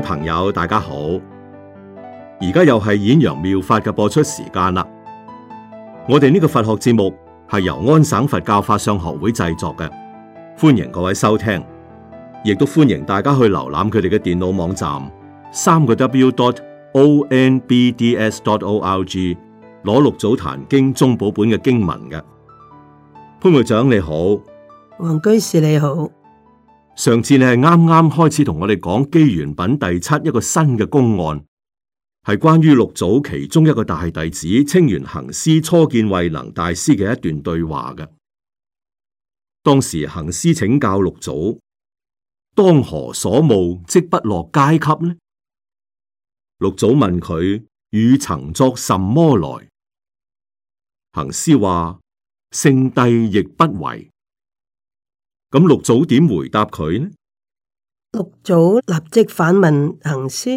朋友，大家好！而家又係演揚妙法嘅播出時間啦。我哋呢個佛學節目係由安省佛教法相學會製作嘅，歡迎各位收聽，亦都歡迎大家去瀏覽佢哋嘅電腦網站，三個 W 點 O N B D S 點 O L G 攞六祖壇經中寶本嘅經文嘅。潘會長你好，黃居士你好。上次你係啱啱開始同我哋講《機緣品》第七一個新嘅公案，係關於六祖其中一個大弟子清源行思初見慧能大師嘅一段對話嘅。當時行思請教六祖：當何所務，即不落階級呢？六祖問佢：汝曾作什麼來？行思話：聖帝亦不為。咁六祖點回答佢呢？六祖立即反問行思，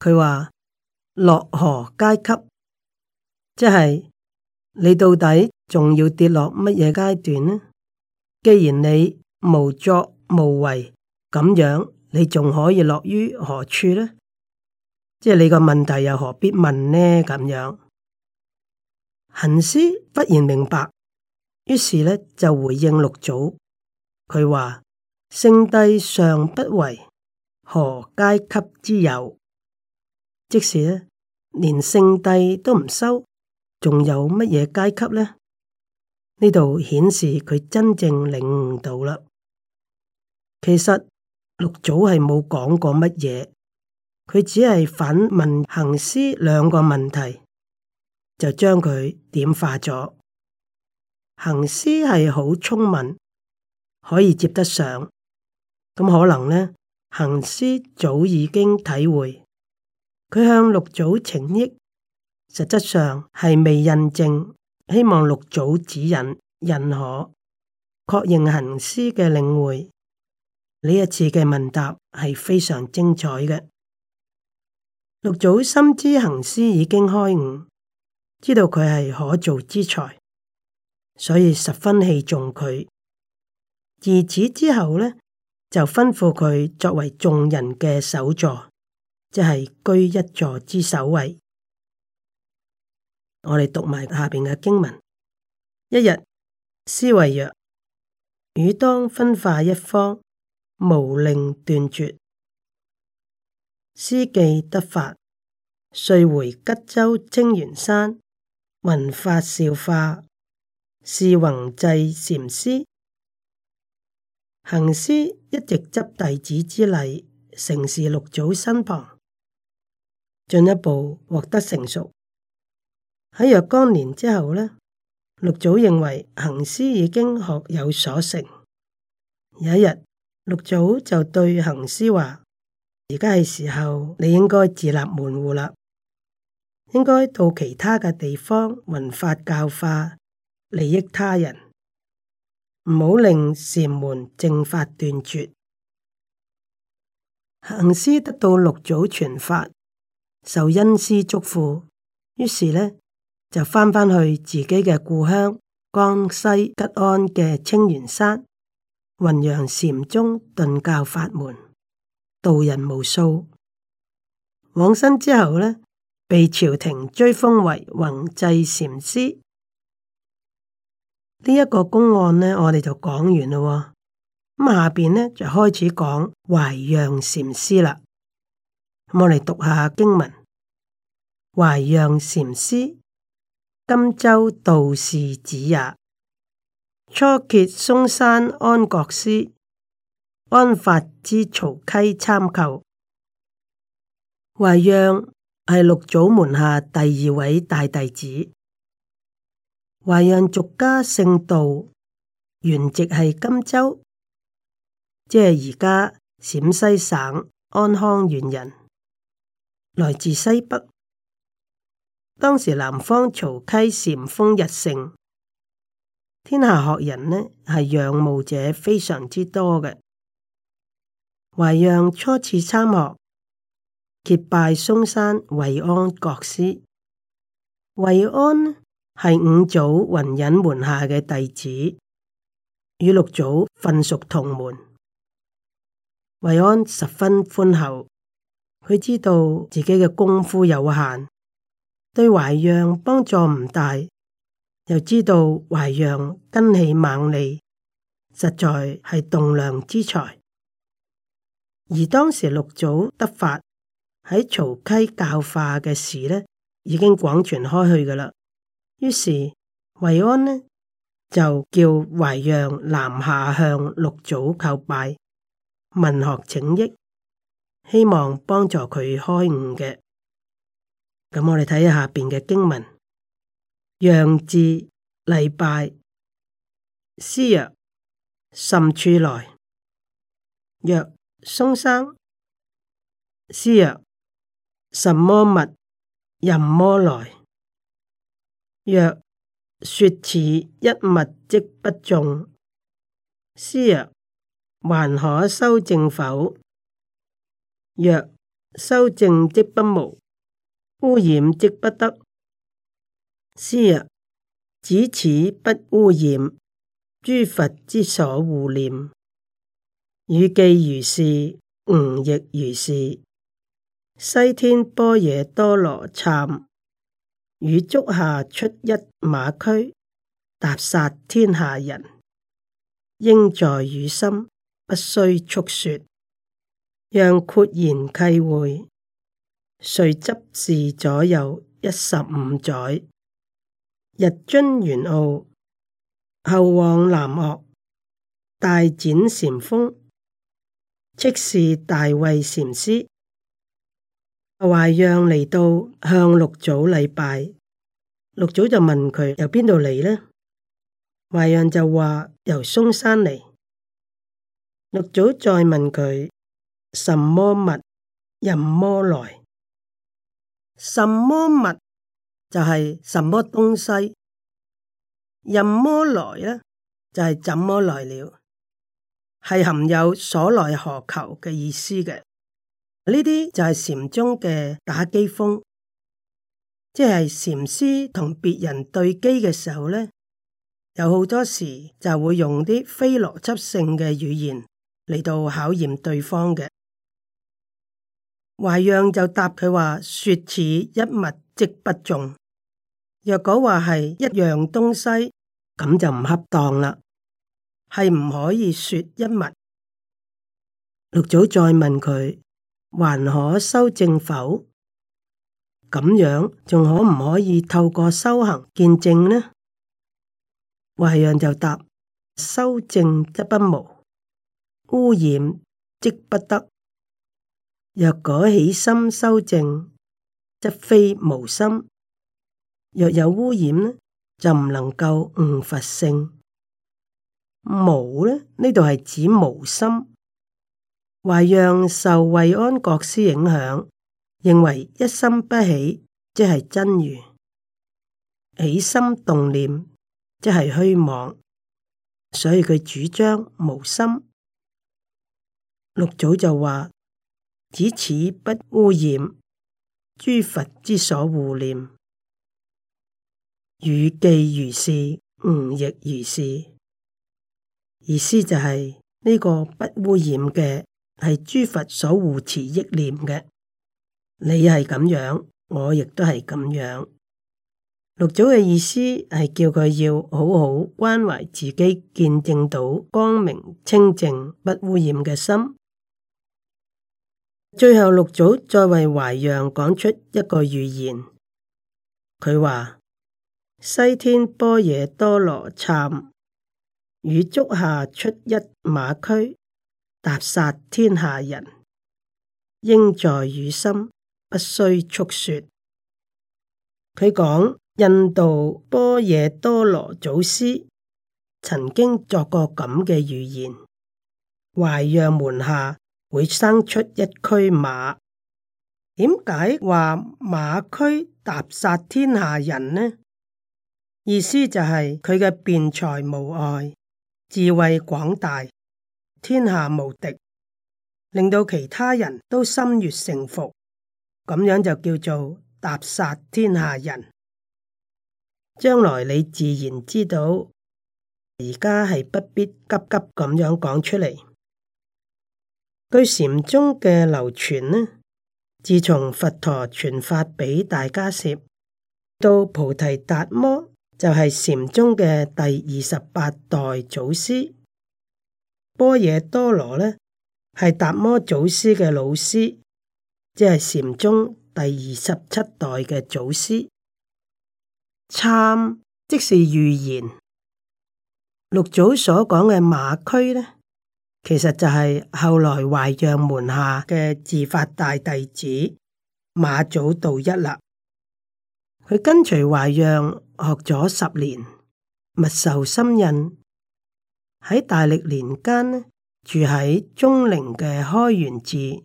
佢話，落何階級？即係你到底仲要跌落乜嘢階段呢？既然你無作無為咁樣，你仲可以落於何處呢？即係你個問題又何必問呢？咁樣行思忽然明白，於是咧就回應六祖。佢話聖帝尚不為，何階級之有？即使呢，連聖帝都唔收，仲有乜嘢階級呢？呢度顯示佢真正領悟到啦。其實六祖係冇講過乜嘢，佢只係反問行思兩個問題，就將佢點化咗。行思係好聰明。可以接得上，咁可能呢，行思早已經體會，佢向六祖請益，實質上係未印證，希望六祖指引認可，確認行思嘅領會。呢一次嘅問答係非常精彩嘅，六祖深知行思已經開悟，知道佢係可造之才，所以十分器重佢。自此之後呢就吩咐佢作為眾人嘅首座，即係居一座之首位。我哋讀埋下邊嘅經文：一日，師為曰：「汝當分化一方，無令斷絕。師既得法，遂回吉州青原山，聞法笑化，是弘濟禪師。行思一直執弟子之禮，成事六祖身旁，進一步獲得成熟。喺若干年之後呢，六祖認為行思已經學有所成。有一日，六祖就對行思話：而家係時候你應該自立門戶啦，應該到其他嘅地方聞法教化，利益他人。唔好令禪門正法斷絕。行思得到六祖傳法，受恩師祝福。於是呢就翻返去自己嘅故鄉江西吉安嘅青原山弘揚禪宗頓教法門，度人無數。往生之後呢，被朝廷追封為弘濟禪師。呢一個公案呢，我哋就講完咯。咁下邊呢就開始講懷讓禪師啦。咁我嚟讀下經文。懷讓禪師，金州道士子也。初謁嵩山安國師，安法之曹溪參叩。懷讓係六祖門下第二位大弟子。淮陽俗家姓杜，原籍係金州，即係而家陝西省安康縣人，來自西北。當時南方曹溪禪風日盛，天下學人呢係仰慕者非常之多嘅。淮陽初次參學，結拜嵩山惠安國師惠安。係五祖雲隱門下嘅弟子，與六祖分屬同門。惠安十分寬厚，佢知道自己嘅功夫有限，對懷讓幫助唔大，又知道懷讓根氣猛利，實在係棟樑之才。而當時六祖得法喺曹溪教化嘅事呢，已經廣傳開去噶啦。於是惠安呢就叫懷讓南下向六祖叩拜，文學請益，希望幫助佢開悟嘅。咁、嗯、我哋睇下下邊嘅經文，讓至禮拜，師曰：甚處來？曰：嵩山。師曰：什麼物？任麼來？若說此一物即不中。師曰：還可修正否？若修正即不無污染即不得。師曰：只此不污染，諸佛之所護念，汝既如是，吾亦如是。西天般若多羅禪。汝足下出一馬駒，踏殺天下人。應在汝心，不須速說。讓豁然契會，遂執事左右一十五載。日臻玄奧，後往南岳，大展禪風，即是大慧禪師。懷讓嚟到向六祖禮拜，六祖就問佢由邊度嚟呢？懷讓就話由嵩山嚟。六祖再問佢什麼物任麼來？什麼物就係什麼東西？任麼來呢？就係怎麼來了？係含有所來何求嘅意思嘅。呢啲就係禪宗嘅打機鋒，即係禪師同別人對機嘅時候咧，有好多時就會用啲非邏輯性嘅語言嚟到考驗對方嘅。懷讓就答佢話：說此一物即不中。若果話係一樣東西，咁就唔恰當啦，係唔可以說一物。六祖再問佢。還可修正否？咁樣仲可唔可以透過修行見證呢？懷讓就答：修正則不無，污染則不得。若果起心修正，則非無心；若有污染呢，就唔能夠悟佛性。無呢？呢度係指無心。懷讓受惠安國師影響，認為一心不起即係真如，起心動念即係虛妄，所以佢主張無心。六祖就話：只此不污染諸佛之所護念，汝既如是，吾亦如是。意思就係、是、呢、這個不污染嘅。係諸佛所護持憶念嘅，你係咁樣，我亦都係咁樣。六祖嘅意思係叫佢要好好關懷自己，見證到光明清淨不污染嘅心。最後六祖再為懷讓講出一個預言，佢話西天般若多羅讖，與足下出一馬駒。踏殺天下人，應在語心，不需速說。佢講印度波耶多羅祖師曾經作過咁嘅預言：懷讓門下會生出一區馬。點解話馬區踏殺天下人呢？意思就係佢嘅辯才無礙，智慧廣大。天下無敵，令到其他人都心悅誠服，咁樣就叫做踏殺天下人。將來你自然知道，而家係不必急急咁樣講出嚟。據禪宗嘅流傳呢，自從佛陀傳法俾大迦葉，到菩提達摩就係禪宗嘅第二十八代祖師。波若多羅呢，係達摩祖師嘅老師，即係禪宗第二十七代嘅祖師。讖即是預言六祖所講嘅馬駒呢，其實就係後來懷讓門下嘅嗣法大弟子馬祖道一啦。佢跟隨懷讓學咗十年，密受心印。喺大曆年間，住喺鍾陵嘅開元寺，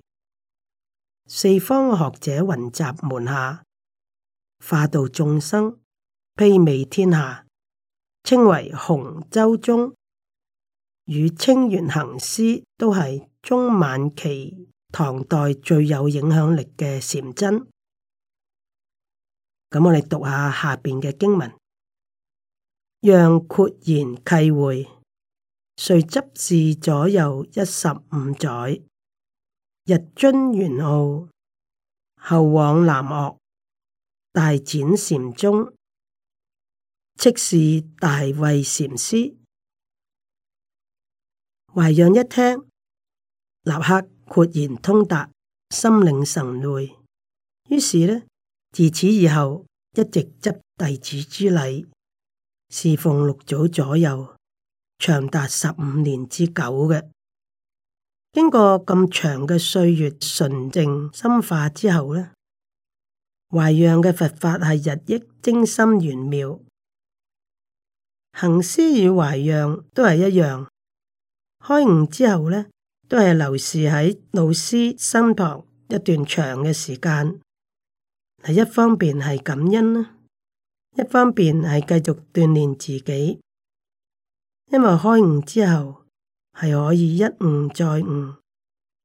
四方嘅學者雲集門下，化度眾生，披靡天下，稱為洪州宗。與清源行思都係中晚期唐代最有影響力嘅禪僧。咁我哋讀下下邊嘅經文，讓豁然契會。遂執事左右一十五載，日臻玄奧，後往南岳大展禪宗，即是大慧禪師。懷讓一聽，立刻豁然通達，心領神會。於是呢，自此以後，一直執弟子之禮，侍奉六祖左右。長達十五年之久嘅，經過咁長嘅歲月純淨深化之後呢，懷讓嘅佛法係日益精深玄妙。行思與懷讓都係一樣，開悟之後呢，都係留住喺老師身旁一段長嘅時間。係一方面係感恩啦，一方面係繼續鍛煉自己。因為開悟之後係可以一悟再悟，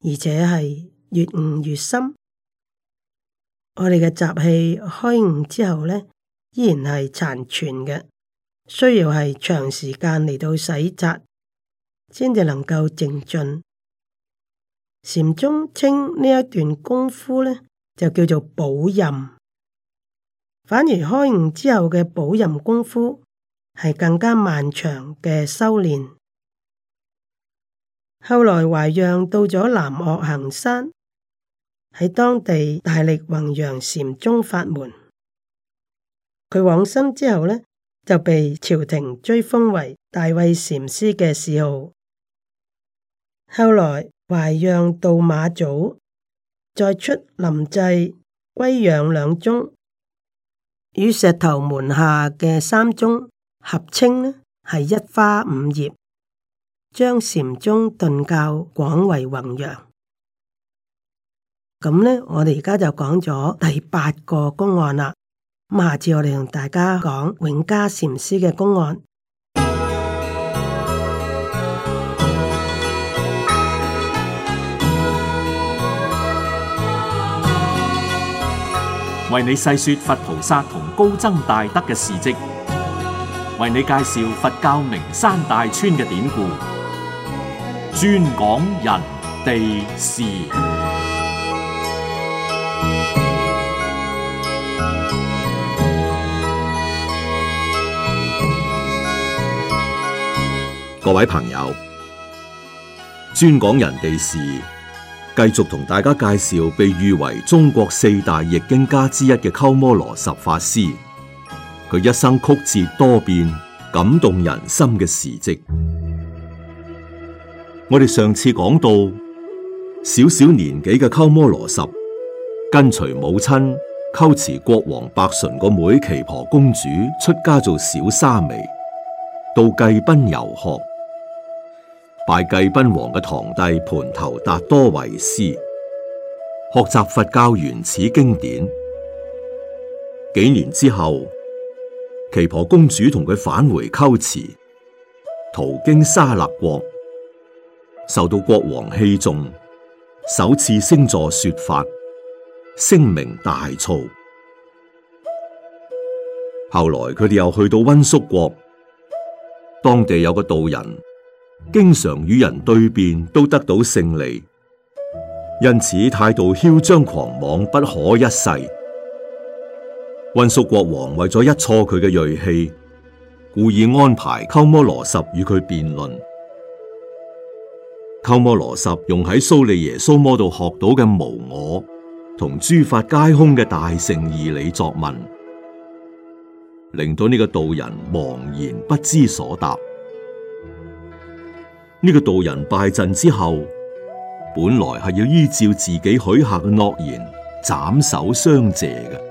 而且係越悟越深。我哋嘅習氣開悟之後咧，依然係殘存嘅，需要係長時間嚟到洗刷，先至能夠靜進。禪宗稱呢一段功夫咧就叫做保任，反而開悟之後嘅保任功夫。係更加漫長嘅修煉。後來懷讓到咗南岳衡山，喺當地大力弘揚禪宗法門。佢往生之後呢，就被朝廷追封為大慧禪師嘅諡號。後來懷讓到馬祖，再出臨濟、圭陽兩宗，與石頭門下嘅三宗。合稱呢係一花五葉，將禪宗頓教廣為弘揚。咁呢，我哋而家就講咗第八個公案啦。咁下次我哋同大家講永嘉禪師嘅公案，為你細說佛菩薩同高僧大德嘅事蹟。為你介紹佛教名山大川嘅典故，專講人地事。士各位朋友，專講人地事，繼續同大家介紹被譽為中國四大譯經家之一嘅鳩摩羅什法師。佢一生曲折多變、感動人心嘅事迹。我哋上次講到，小小年紀嘅鳩摩羅什跟隨母親龜茲國王白純個妹耆婆公主出家做小沙彌，到罽賓遊學，拜罽賓王嘅堂弟盤頭達多為師，學習佛教原始經典。幾年之後。耆婆公主同佢返回龜茲，途經沙勒國，受到國王器重，首次升座說法，聲名大噪。後來佢哋又去到温宿國，當地有個道人，經常與人對辯都得到勝利，因此態度囂張狂妄，不可一世。溫宿國王為咗一挫佢嘅銳氣，故意安排鳩摩羅什與佢辯論。鳩摩羅什用喺蘇利耶蘇摩度學到嘅無我同諸法皆空嘅大乘義理作文，令到呢個道人茫然不知所答。呢、這個道人敗陣之後，本來係要依照自己許下嘅諾言斬首相謝嘅。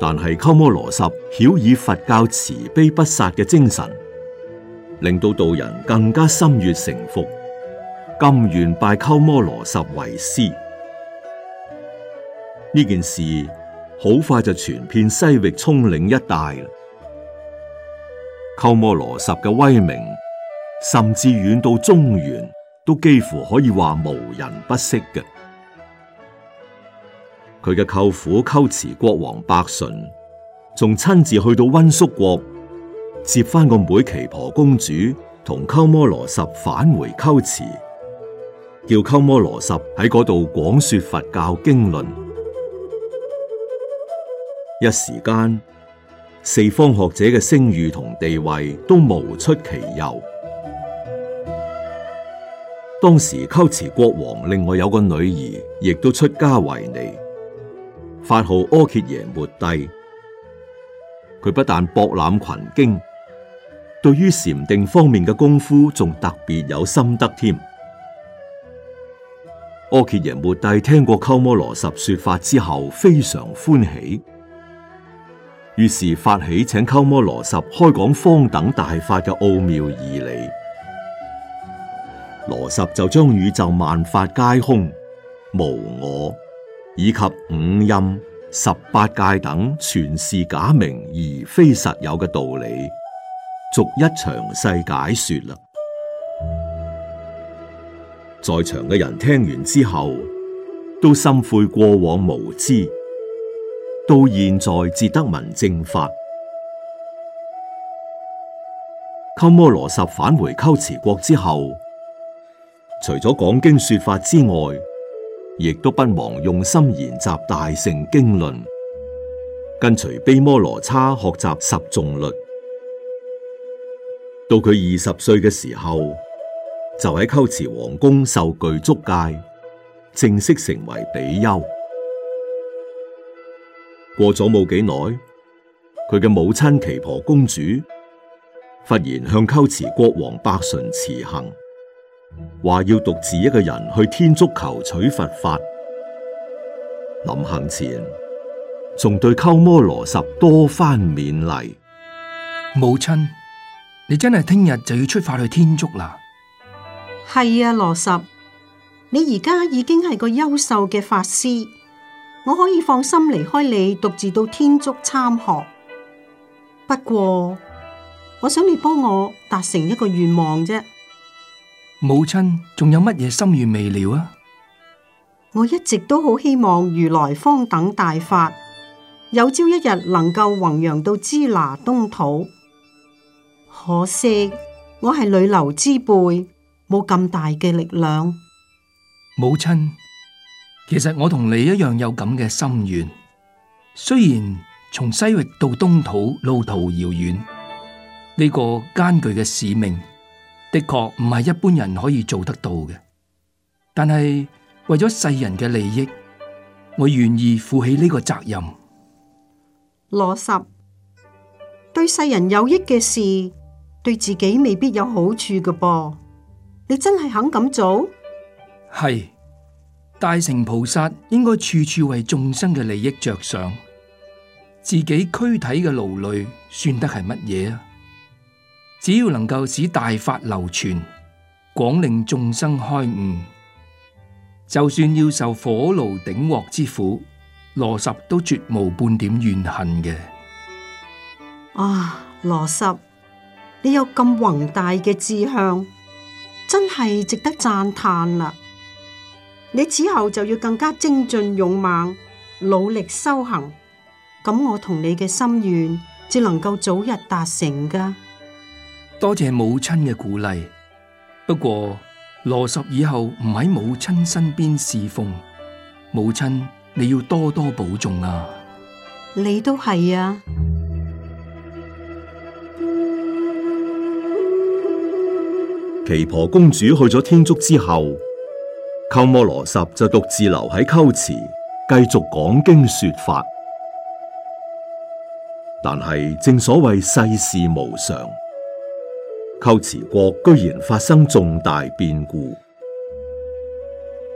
但係鳩摩羅什曉以佛教慈悲不殺嘅精神，令到道人更加心悅誠服，甘願拜鳩摩羅什為師。呢件事好快就傳遍西域蔥嶺一帶，鳩摩羅什嘅威名甚至遠到中原，都幾乎可以話無人不識嘅。佢嘅舅父龜茲國王白純，仲親自去到溫宿國接翻個妹耆婆公主同鳩摩羅什返回龜茲，叫鳩摩羅什喺嗰度廣說佛教經論，一時間四方學者嘅聲譽同地位都無出其右。當時龜茲國王另外有個女兒，亦都出家為尼。法號阿竭耶末帝，佢不但博覽群經，對於禪定方面嘅功夫仲特別有心得添。阿竭耶末帝聽過鳩摩羅什說法之後，非常歡喜，於是發起請鳩摩羅什開講方等大法嘅奧妙而嚟。羅什就將宇宙萬法皆空，無我。以及五陰、十八界等，全是假名而非實有嘅道理，逐一詳細解說啦。在場嘅人聽完之後，都心悔過往無知，到現在至得聞正法。鳩摩羅什返回龜茲國之後，除咗講經說法之外，亦都不忘用心研習大乘經論，跟隨卑摩羅叉學習十誦律。到佢二十歲嘅時候，就喺龜茲皇宮受具足戒，正式成為比丘。過咗冇幾耐，佢嘅母親耆婆公主忽然向龜茲國王白純辭行。話要獨自一個人去天竺求取佛法，臨行前仲對鳩摩羅什多番勉勵。母親，你真係聽日就要出發去天竺啦？係啊，羅什，你而家已經係個優秀嘅法師，我可以放心離開你，獨自到天竺參學。不過，我想你幫我達成一個願望啫。母親仲有乜嘢心願未了啊？我一直都好希望如來方等大法有朝一日能夠弘揚到支那東土，可惜我係女流之輩，冇咁大嘅力量。母親，其實我同你一樣有咁嘅心願，雖然從西域到東土路途遙遠，呢個艱巨嘅使命。的確唔係一般人可以做得到嘅，但係為咗世人嘅利益，我願意負起呢個責任。羅什，對世人有益嘅事，對自己未必有好處嘅噃，你真係肯咁做？係大乘菩薩應該處處為眾生嘅利益着想，自己軀體嘅勞累算得係乜嘢啊？只要能夠使大法流傳，廣令眾生開悟，就算要受火爐鼎鑊之苦，羅什都絕無半點怨恨嘅。啊，羅什，你有咁宏大嘅志向，真係值得讚嘆啦！你此後就要更加精進勇猛，努力修行，咁我同你嘅心願，只能夠早日達成噶。多謝母親嘅鼓勵。不過羅什以後唔喺母親身邊侍奉，母親你要多多保重啊！你都係啊！奇婆公主去咗天竺之後，鳩摩羅什就獨自留喺鳩池，繼續講經說法。但係正所謂世事無常。龜茲國居然發生重大變故，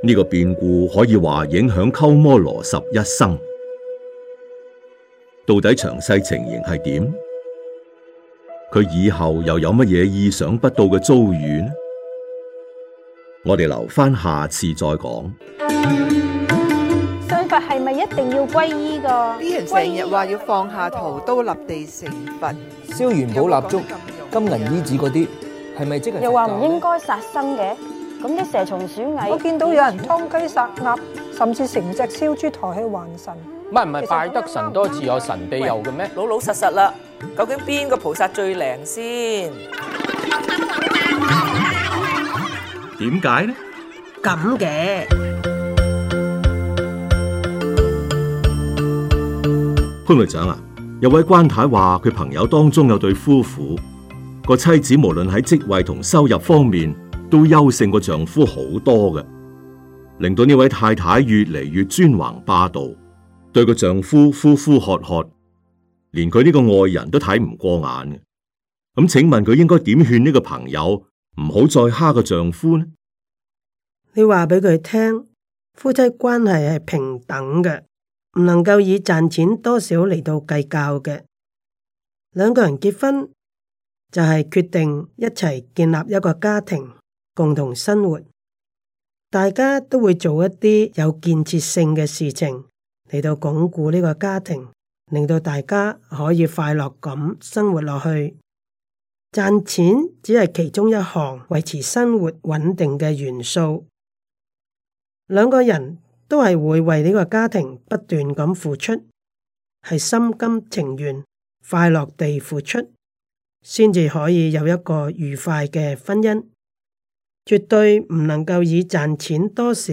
呢個變故可以話影響鳩摩羅什一生。到底詳細情形係點？佢以後又有乜嘢意想不到嘅遭遇呢？我哋留翻下次再講，嗯。信佛係咪一定要皈依㗎？啲人成日話要放下屠刀立地成佛，燒元寶蠟燭，金銀衣紙嗰啲係咪即係？又話唔應該殺生嘅，咁啲蛇蟲鼠蟻，我見到有人劏雞殺鴨，甚至成隻燒豬抬去還神。唔係唔係，拜得神多自有神庇佑嘅咩？老老實實啦，究竟邊個菩薩最靈先？點解呢？咁嘅潘隊長啊，有位關太話佢朋友當中有對夫婦。個妻子無論喺職位同收入方面都優勝個丈夫好多嘅，令到呢位太太越嚟越專橫霸道，對個丈夫呼呼喝喝，連佢呢個愛人都睇唔過眼嘅。咁、嗯、請問佢應該點勸呢個朋友唔好再蝦個丈夫呢？你話俾佢聽，夫妻關係係平等嘅，唔能夠以賺錢多少嚟到計較嘅。兩個人結婚。就係決定一齊建立一個家庭，共同生活，大家都會做一啲有建設性嘅事情嚟到鞏固呢個家庭，令到大家可以快樂咁生活落去。賺錢只係其中一項維持生活穩定嘅元素，兩個人都係會為呢個家庭不斷咁付出，係心甘情願、快樂地付出。先至可以有一個愉快嘅婚姻，絕對唔能夠以賺錢多少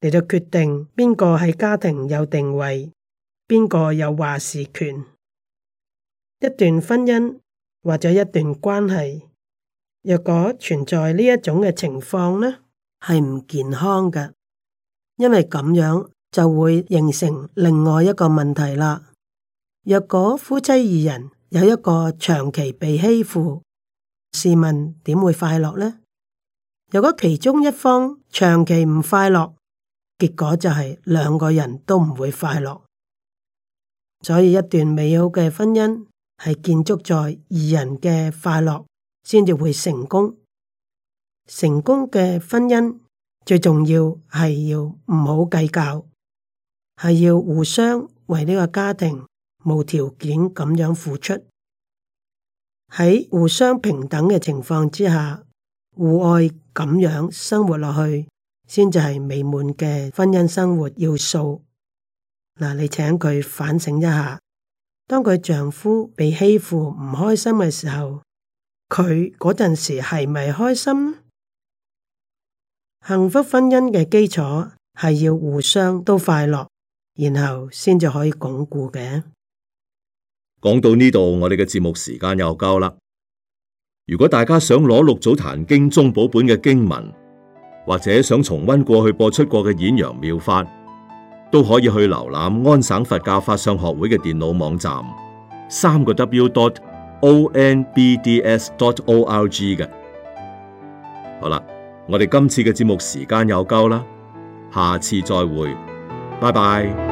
嚟到決定邊個喺家庭有定位，邊個有話事權。一段婚姻或者一段關係，若果存在呢一種嘅情況呢，係唔健康嘅，因為咁樣就會形成另外一個問題啦。若果夫妻二人，有一個長期被欺負，試問點會快樂呢？如果其中一方長期唔快樂，結果就係兩個人都唔會快樂。所以一段美好嘅婚姻係建築在二人嘅快樂先至會成功。成功嘅婚姻最重要係要唔好計較，係要互相為呢個家庭。無條件咁樣付出，喺互相平等嘅情況之下，互愛咁樣生活落去，先至係美滿嘅婚姻生活要素。嗱，你請佢反省一下，當佢丈夫被欺負唔開心嘅時候，佢嗰陣時係咪開心？幸福婚姻嘅基礎係要互相都快樂，然後先至可以鞏固嘅。講到呢度，我哋嘅節目時間又夠啦。如果大家想攞《六祖壇經》中寶本嘅經文，或者想重溫過去播出過嘅演揚妙法，都可以去瀏覽安省佛教法相學會嘅電腦網站，三個 W dot O N B D S dot O R G 嘅。好啦，我哋今次嘅節目時間又夠啦，下次再會，拜拜。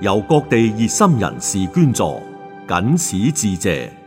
由各地熱心人士捐助，謹此致謝。